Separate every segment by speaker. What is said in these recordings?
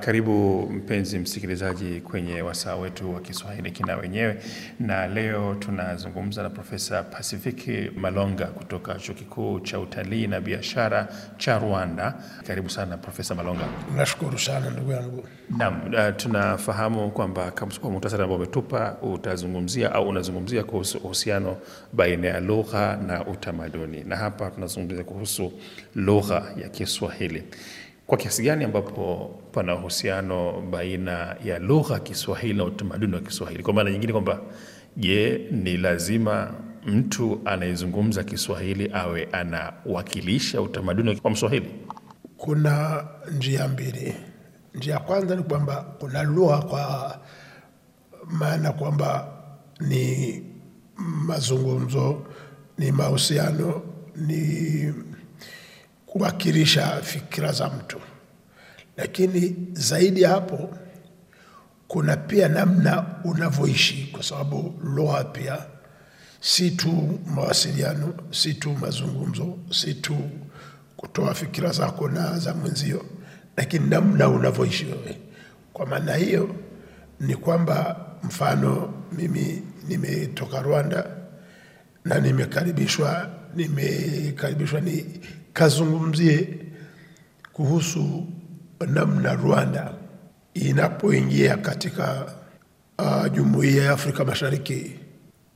Speaker 1: Karibu mpenzi msikilizaji kwenye wasaa wetu wa Kiswahili kina wenyewe, na leo tunazungumza na Profesa Pacific Malonga kutoka Chuo Kikuu cha Utalii na Biashara cha Rwanda. Karibu sana Profesa Malonga.
Speaker 2: Nashukuru sana ndugu yangu.
Speaker 1: Naam, uh, tunafahamu kwamba kwa muhtasari ambao umetupa utazungumzia au unazungumzia kuhusu uhusiano baina ya lugha na utamaduni, na hapa tunazungumzia kuhusu lugha ya Kiswahili. Kwa kiasi gani ambapo pana uhusiano baina ya lugha ya Kiswahili na utamaduni wa Kiswahili? Kwa maana nyingine kwamba, je, ni lazima mtu anayezungumza Kiswahili awe anawakilisha utamaduni wa Mswahili?
Speaker 2: Kuna njia mbili. Njia ya kwanza ni kwamba kuna lugha kwa maana kwamba ni mazungumzo, ni mahusiano, ni kuwakilisha fikira za mtu, lakini zaidi ya hapo kuna pia namna unavyoishi, kwa sababu lugha pia si tu mawasiliano, si tu mazungumzo, si tu kutoa fikira zako na za mwenzio, lakini namna unavyoishi wewe. Kwa maana hiyo ni kwamba mfano, mimi nimetoka Rwanda na nimekaribishwa nimekaribishwa ni kazungumzie kuhusu namna Rwanda inapoingia katika uh, jumuiya ya Afrika Mashariki,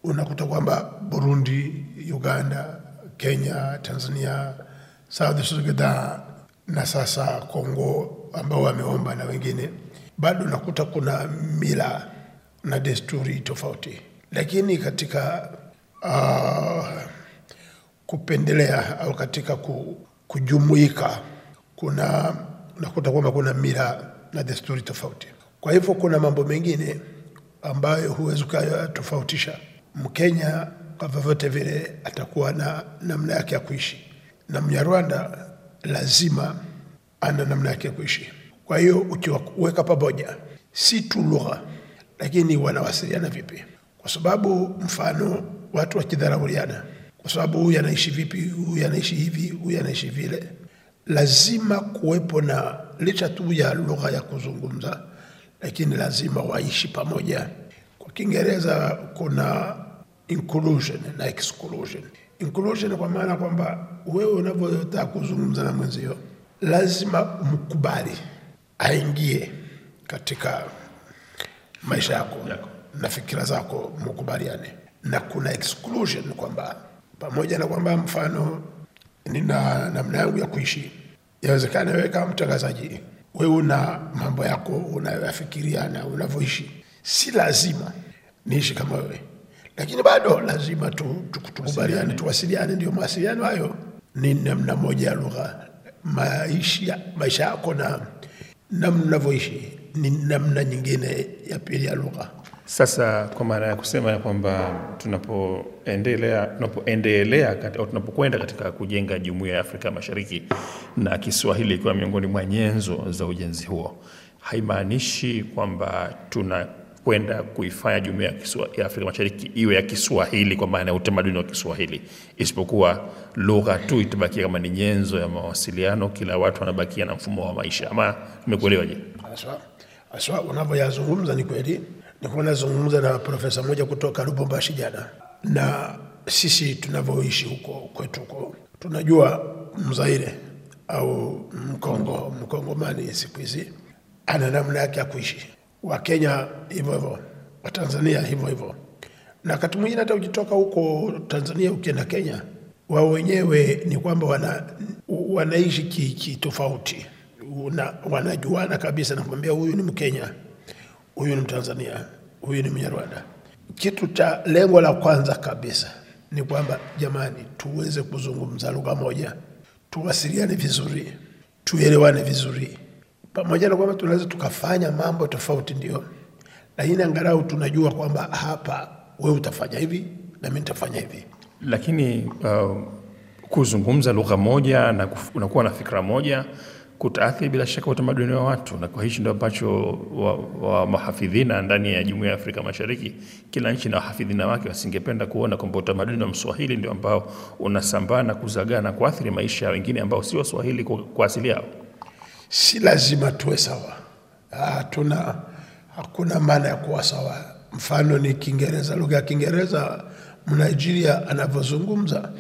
Speaker 2: unakuta kwamba Burundi, Uganda, Kenya, Tanzania, South Sudan na sasa Kongo ambao wameomba na wengine, bado unakuta kuna mila na desturi tofauti, lakini katika uh, kupendelea au katika kujumuika, kuna unakuta kwamba kuna mila na desturi tofauti. Kwa hivyo kuna mambo mengine ambayo huwezi ukayatofautisha. Mkenya kwa vyovyote vile atakuwa na namna yake ya kuishi, na Mnyarwanda lazima ana namna yake ya kuishi. Kwa hiyo ukiwaweka pamoja, si tu lugha, lakini wanawasiliana vipi? Kwa sababu mfano watu wakidharauliana kwa sababu huyu anaishi vipi, huyu anaishi hivi, huyu anaishi vile. Lazima kuwepo na licha tu ya lugha ya kuzungumza, lakini lazima waishi pamoja. Kwa Kiingereza kuna inclusion na exclusion. Inclusion kwa maana kwamba wewe unavyotaka kuzungumza na mwenzio, lazima mkubali aingie katika maisha yako, yako na fikira zako, mukubaliane. Na kuna exclusion kwamba pamoja na kwamba mfano nina namna yangu ya kuishi. Yawezekana wewe kama mtangazaji, wewe una mambo yako unayoyafikiria na unavyoishi, si lazima niishi kama wewe, lakini bado lazima tu tukubaliane, tuwasiliane. Ndio mawasiliano hayo ni namna moja ya lugha. Maisha maisha yako na namna unavyoishi ni namna nyingine ya pili ya lugha.
Speaker 1: Sasa kwa maana ya kusema ya kwamba tunapoendelea tunapoendelea au tunapokwenda katika kujenga jumuiya ya Afrika Mashariki na Kiswahili ikiwa miongoni mwa nyenzo za ujenzi huo, haimaanishi kwamba tunakwenda kuifanya jumuiya ya Afrika Mashariki iwe ya Kiswahili kwa maana ya utamaduni wa Kiswahili, isipokuwa lugha tu itabakia kama ni nyenzo ya mawasiliano, kila watu wanabakia na mfumo wa maisha. Ama nimekuelewa je?
Speaker 2: Aswa unavyoyazungumza ni kweli. Nilikuwa nazungumza na profesa moja kutoka Lubumbashi jana, na sisi tunavyoishi huko kwetu huko, tunajua Mzaire au Mkongo, Mkongomani siku hizi ana namna yake ya kuishi, Wakenya hivyo hivyo, Watanzania hivyo hivyo, na wakati mwingine hata ukitoka huko Tanzania ukienda Kenya, wao wenyewe ni kwamba wana, wanaishi kitofauti ki, tofauti. Una, wanajuana kabisa, nakwambia huyu ni Mkenya huyu ni Mtanzania, huyu ni Mnyarwanda. Kitu cha lengo la kwanza kabisa ni kwamba jamani, tuweze kuzungumza lugha moja, tuwasiliane vizuri, tuelewane vizuri, pamoja na kwamba tunaweza tukafanya mambo tofauti, ndio, lakini angalau tunajua kwamba hapa wewe utafanya hivi na mi nitafanya hivi.
Speaker 1: Lakini uh, kuzungumza lugha moja na unakuwa na fikra moja kutaathiri bila shaka utamaduni wa watu, na kwa hichi ndio ambacho wa, wa mahafidhina ndani ya jumuiya ya Afrika Mashariki, kila nchi na wahafidhina wake wasingependa kuona kwamba utamaduni wa Mswahili ndio ambao unasambaa na kuzagaa na kuathiri maisha ya wengine ambao si Waswahili kwa, kwa asili yao.
Speaker 2: Si lazima tuwe sawa, hatuna ah, hakuna maana ya kuwa sawa. Mfano ni Kiingereza, lugha ya Kiingereza Mnigeria anavyozungumza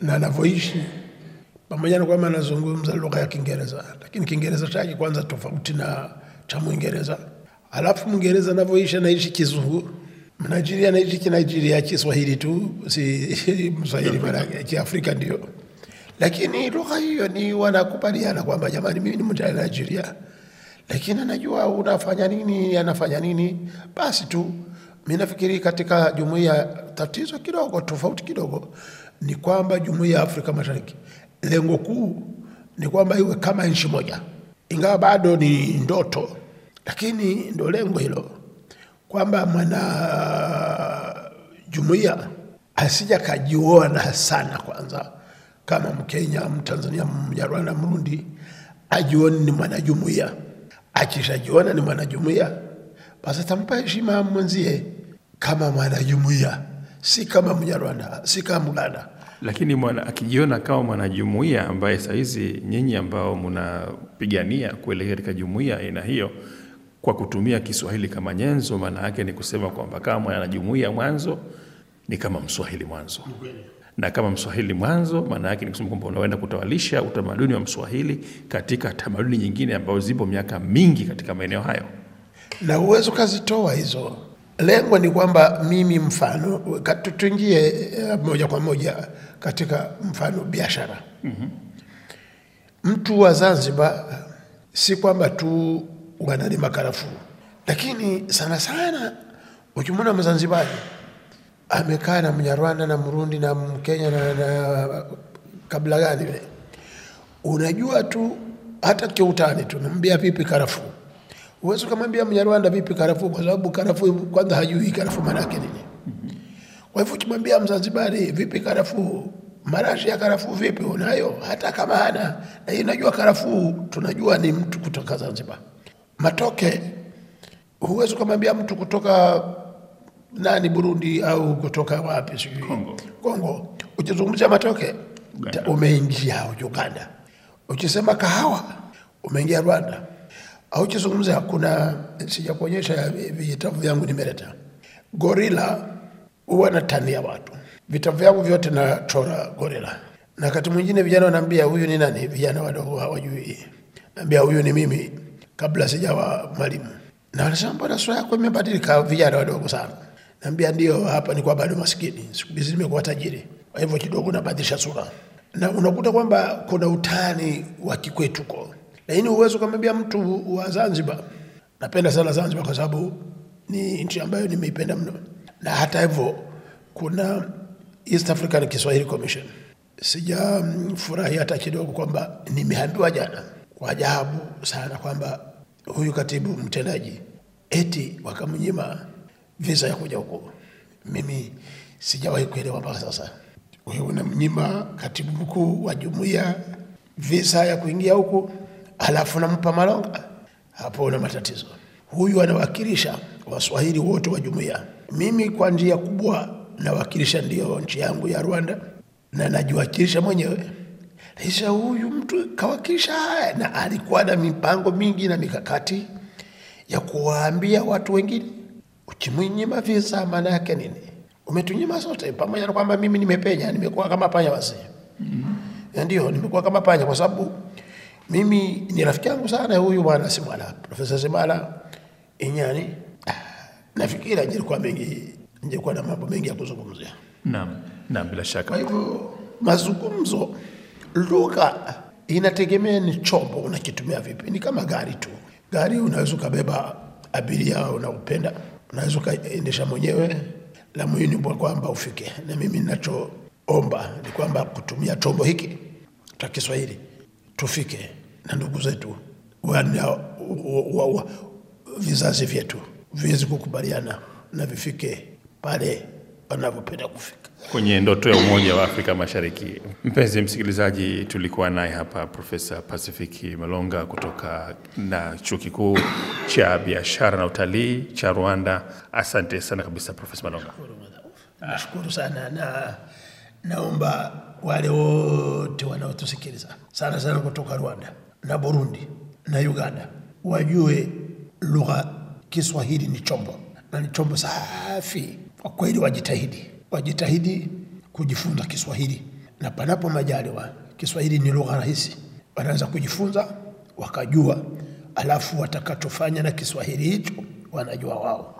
Speaker 2: na anavyoishi pamoja na kwamba anazungumza lugha ya Kiingereza, lakini Kiingereza chake kwanza tofauti na cha Mwingereza. Alafu Mwingereza anavyoishi anaishi Kizungu, Nigeria anaishi Kinigeria, Kiswahili tu, si Mswahili maanake Kiafrika ndio. Lakini lugha hiyo ni wanakubaliana kwamba jamani, mimi ni mtu wa lakini anajua unafanya nini, anafanya nini, basi tu. mi nafikiri katika jumuiya, tatizo kidogo tofauti kidogo ni kwamba jumuiya ya Afrika Mashariki lengo kuu ni kwamba iwe kama nchi moja, ingawa bado ni ndoto, lakini ndo lengo hilo, kwamba mwana jumuiya asija kajiona sana kwanza, kama Mkenya, Mtanzania, Mnyarwanda, Mrundi ajioni ni mwanajumuiya. Akishajiona ni mwanajumuiya, basi atampa heshima mwenzie kama mwanajumuiya, si kama Mnyarwanda, si kama Mganda.
Speaker 1: Lakini mwana, akijiona kama mwanajumuia ambaye sahizi nyinyi ambao mnapigania kuelekea katika jumuia aina hiyo kwa kutumia Kiswahili kama nyenzo, maana yake ni kusema kwamba kama mwanajumuia mwanzo ni kama Mswahili mwanzo na kama Mswahili mwanzo, maana yake ni kusema kwamba unaenda kutawalisha utamaduni wa Mswahili katika tamaduni nyingine ambazo zipo miaka mingi katika maeneo hayo,
Speaker 2: na uwezo ukazitoa hizo Lengo ni kwamba mimi, mfano, tuingie eh, moja kwa moja katika mfano biashara. mm -hmm. Mtu wa Zanzibar si kwamba tu wanalima karafuu, lakini sana sana ukimwona Mzanzibari amekaa na Mnyarwanda na Mrundi na Mkenya na, na kabila gani, unajua tu hata kiutani tu, nambia pipi karafuu Uwezi ukamwambia Mnyarwanda vipi karafuu, kwa sababu karafuu kwanza hajui karafuu maana yake nini. Kwa hivyo ukimwambia Mzanzibari vipi karafuu, marashi ya karafuu vipi, unayo hata kama hana na yeye. Unajua karafuu tunajua ni mtu kutoka Zanzibar. Matoke huwezi ukamwambia mtu kutoka nani Burundi au kutoka wapi sijui Kongo, Kongo. Ukizungumzia matoke umeingia Uganda, ukisema kahawa umeingia Rwanda auchizungumza kuna sijakuonyesha eh, vitabu vyangu nimeleta. Gorila huwa natania watu, vitabu vyangu vyote nachora gorila, na wakati mwingine vijana wanaambia huyu ni nani, vijana wadogo hawajui, naambia huyu ni mimi kabla sijawa mwalimu, na wanasema mbona sura yako imebadilika, vijana wadogo sana. Naambia ndio, hapa nilikuwa bado maskini, siku hizi nimekuwa tajiri, kwa hivyo kidogo nabadilisha sura, na unakuta kwamba kuna utani wa kikwetuko lakini uwezo kumwambia mtu wa Zanzibar, napenda sana Zanzibar kwa sababu ni nchi ambayo nimeipenda mno, na hata hivyo kuna East African Kiswahili Commission. Sijafurahi hata kidogo kwamba nimeambiwa jana kwa ajabu sana kwamba huyu katibu mtendaji eti wakamnyima visa ya kuja huko. Mimi sijawahi kuelewa mpaka sasa. Wewe unamnyima katibu mkuu wa jumuiya visa ya kuingia huku? alafu nampa malonga, hapo una matatizo. Huyu anawakilisha waswahili wote wa jumuiya. Mimi kwa njia kubwa nawakilisha ndio nchi yangu ya Rwanda na najiwakilisha mwenyewe. Kisha huyu mtu kawakilisha haya, na alikuwa na mipango mingi na mikakati ya kuwaambia watu wengine, ukimwinyima visa maana yake nini? Umetunyima sote, pamoja na kwamba mimi nimepenya, nimekuwa kama panya wazi. mm -hmm. Ndio, nimekuwa kama panya kwa sababu mimi ni rafiki yangu sana huyu bwana Simala, Profesa Simala Inyani. Eh, nafikiri angekuwa mengi, angekuwa na mambo mengi ya kuzungumzia.
Speaker 1: Naam, naam, bila shaka. Kwa hivyo
Speaker 2: mazungumzo, lugha inategemea ni chombo unakitumia vipi. Ni kama gari tu, gari unaweza ukabeba abiria unaopenda, unaweza ukaendesha mwenyewe, la muhimu kwamba ufike. Na mimi ninachoomba ni kwamba kutumia chombo hiki cha Kiswahili tufike na ndugu zetu wana, wa, wa, vizazi vyetu viwezi kukubaliana na vifike pale wanavyopenda kufika
Speaker 1: kwenye ndoto ya umoja wa Afrika Mashariki. Mpenzi msikilizaji, tulikuwa naye hapa Profesa pacific Malonga kutoka na chuo kikuu cha biashara na utalii cha Rwanda. Asante sana kabisa Profesa Malonga,
Speaker 2: nashukuru sana na naomba wale wote wanaotusikiliza sana sana kutoka Rwanda na Burundi na Uganda wajue lugha Kiswahili ni chombo na ni chombo safi kwa kweli. Wajitahidi, wajitahidi kujifunza Kiswahili na panapo majaliwa, Kiswahili ni lugha rahisi, wanaweza kujifunza wakajua, alafu watakachofanya na Kiswahili hicho wanajua wao.